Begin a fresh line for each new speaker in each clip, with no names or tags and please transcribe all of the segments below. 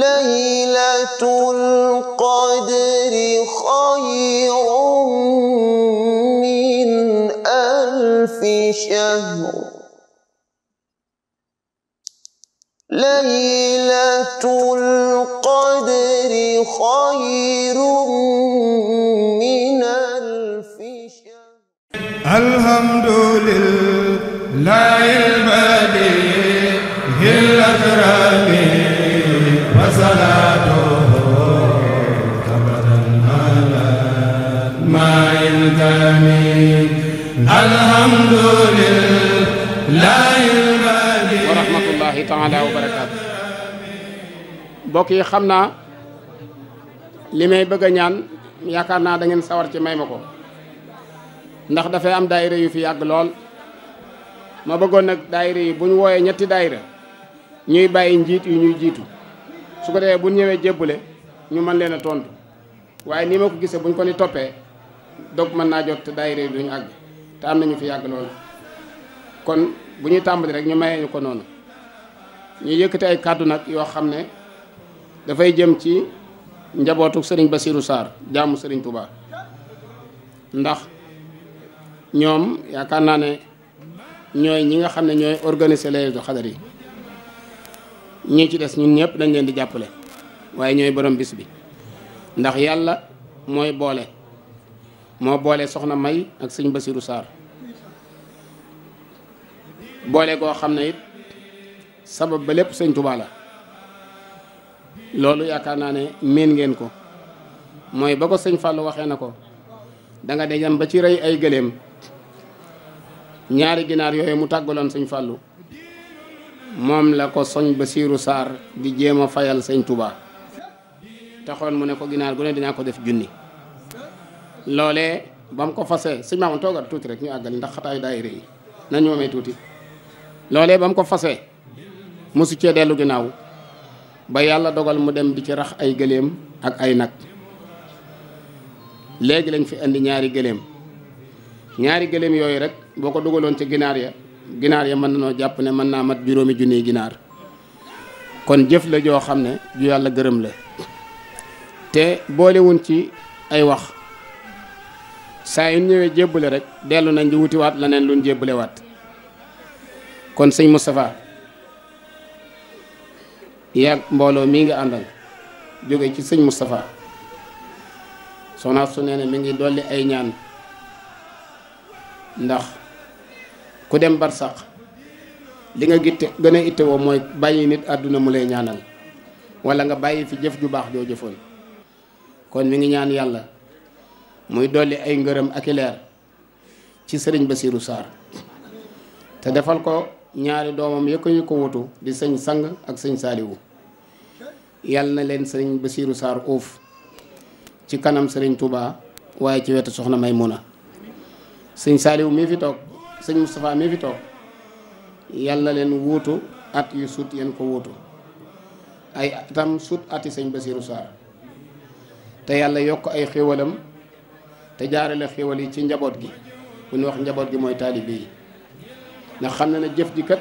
ليلة القدر خير من ألف شهر ليلة القدر خير من ألف شهر الحمد لله العالمين yi xam naa li may bëgg a ñaan yaakaar naa dangeen sawar ci may ma ko ndax dafay am daayira yu fi yàgg lool ma bëggoon nag daay yi buñ ñu wooyee ñetti daayira ñuy bàyyi njiit yu ñuy jiitu su ko defee bu ñëwee jébbale ñu mën leen a tontu waaye ni ma ko gisee buñ ko ni toppee dog mën naa jot te daayira yi duñu àgg te am nañu fi yàgg loolu kon bu ñu tàmbali rek ñu mayee ñu ko noonu ñu yëkkati ay kàddu nag yoo xam ne dafay jëm ci njabootu sëriñ Bassirou saar jàmm sëriñ Touba ndax ñoom yaakaar naa ne ñooy ñi nga xam ne ñooy organiser les xadar yi ñi ci des ñun ñëpp dañ leen di jàppale waaye ñooy borom bis bi ndax yàlla mooy boole moo boole soxna May ak sëñ Basiru saar boole goo xam ne it sabab ba lépp sëñ Tuubaa la loolu yaakaar naa ne meen ngeen ko mooy ba ko sëñ Fàllu waxee na ko danga nga dem ba ci rey ay gëléem ñaari ginaar yooyu mu tàggaloon sëñ Fàllu moom la ko soñ Basiru saar di jéem a fayal sëñ tubaa taxoon mu ne ko ginaar gu ne dinaa ko def junni loole ba mu ko fasee sëñ maamoon toogal tuuti rek ñu àggali ndax xataayu daayira yi ma moomee tuuti loole ba mu ko fasee mosu cee dellu ginnaaw ba yàlla dogal mu dem di ci rax ay gëléem ak ay nag léegi lañ fi indi ñaari gëléem ñaari gëléem yooyu rek boo ko dugaloon ci ginaar ya ginaar ya mën nañoo jàpp ne mën naa mat juróomi junniy ginaar kon jëf la joo xam ne ju yàlla gërëm la te boolewuñ ci ay wax saa yu ñëwee jébbale rek dellu nañ di wutiwaat leneen luñ jébbalewaat kon sëñ Moustapha yàgg mbooloo mii nga àndal jóge ci sëñ Moustapha soxna su nee ne mi ngi dolli ay ñaan ndax ku dem barsàq li nga gitte gën a ittewoo mooy bàyyi nit àdduna mu lay ñaanal wala nga bàyyi fi jëf ju baax joo jëfoon kon mi ngi ñaan yàlla muy dolli ay ngërëm ak i ci sëriñ Basiiru Saar te defal ko ñaari doomam yëkk ñu ko wutu di sëñ sang ak sëñ saaliwu yàlla na leen sëriñ Basiiru Saar uuf ci kanam sëriñ Touba waaye ci wetu soxna may Maymuna sëñ saaliwu mii fi toog sëñ Moustapha mii fi toog yàlla na leen wuutu at yu sut yéen ko wuutu ay atam sut ati sëñ Basiiru Saar te yàlla yokk ay xéwalam te jaarale xéwal yi ci njaboot gi bu ñu wax njaboot gi mooy taalibe yi ndax xam na ne jëf ji kat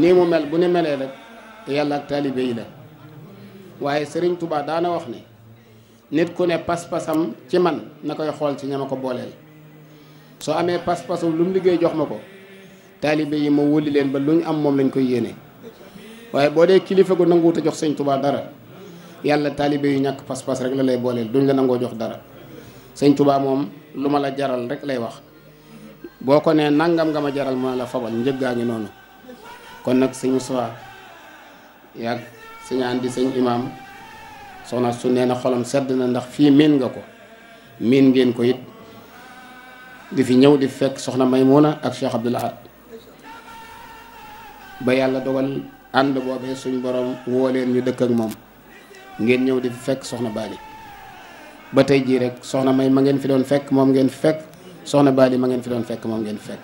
nii mu mel bu ne melee rek te yàlla ak taalibe yi la waaye Sëriñ Tuubaa daana wax ne nit ku ne pas-pasam ci man na koy xool ci ña ma ko booleel soo amee pas-pasu lu mu liggéey jox ma ko taalibe yi ma wóoli leen ba lu ñu am moom lañ koy yéene waaye boo dee kilifa gu nanguwut jox Sëriñ Tuubaa dara yàlla taalibe yu ñàkk pas-pas rek la lay booleel duñ la nangoo jox dara sëñ tubaab moom lu ma la jaral rek lay wax boo ko nee nangam nga ma jaral ma la fabal njëggaa ngi noonu kon nag sëñ Moussa yàgg sëñ Andi sëñ Imaam soxna su nee na xolam sedd na ndax fii miin nga ko miin ngeen ko it di fi ñëw di fekk soxna Maymuna ak Cheikh Abdoul Ahad ba yàlla dogal ànd boobee suñ borom woo leen ñu dëkk ak moom ngeen ñëw di fekk soxna Bali. ba tey jii rek soxna May ma ngeen fi doon fekk moom ngeen fi fekk soxna Bali ma ngeen fi doon fekk moom ngeen fekk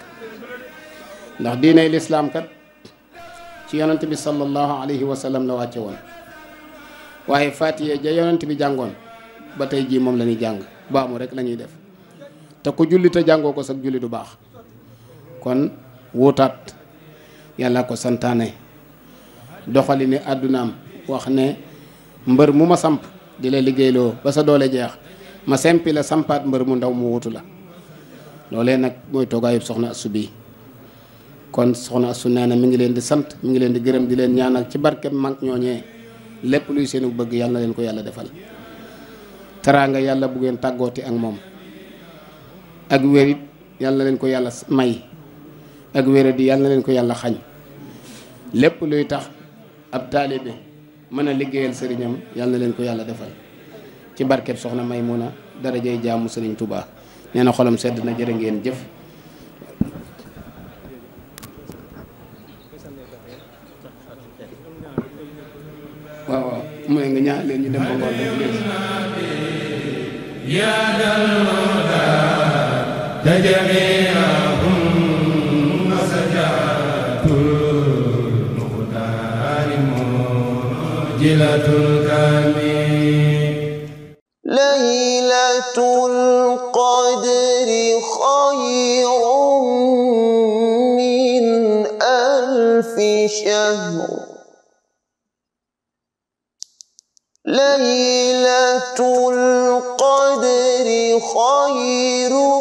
ndax diiney lislaam kat ci yonent bi sallallahu alayhi wa sallam la wàcce woon waaye Faatiha ja yonent bi jàngoon ba tey jii moom lañuy ñuy jàng baamu rek lañuy def te ku julli jàngoo ko sax julli du baax kon wuutaat yàlla ko santaane doxali ne àddunaam wax ne mbër mu ma samp di la liggéeyloo ba sa doole jeex ma sempi la sampaat mbër mu ndaw mu wutu la loole nag mooy toogaayub soxna Astou bii kon soxna Astou nee na mi ngi leen di sant mu ngi leen di gërëm di leen ñaanal ci barkeb mag ñooñee lépp luy seenu bëgg yàlla na leen ko yàlla defal teraanga yàlla bu ngeen tàggooti ak moom ak wér it na leen ko yàlla may ak wér di yàlla leen ko yàlla xañ lépp luy tax ab taalibe mën a liggéeyal sëriñam yàlla na leen ko yàlla defal ci barket soxna may Maymuna darajay jaamu sëriñ Touba nee na xolam sedd na jërë ngeen jëf waaw waaw mooy nga ñaan leen ñu dem ba ngoon def jilatul ليلة القدر خير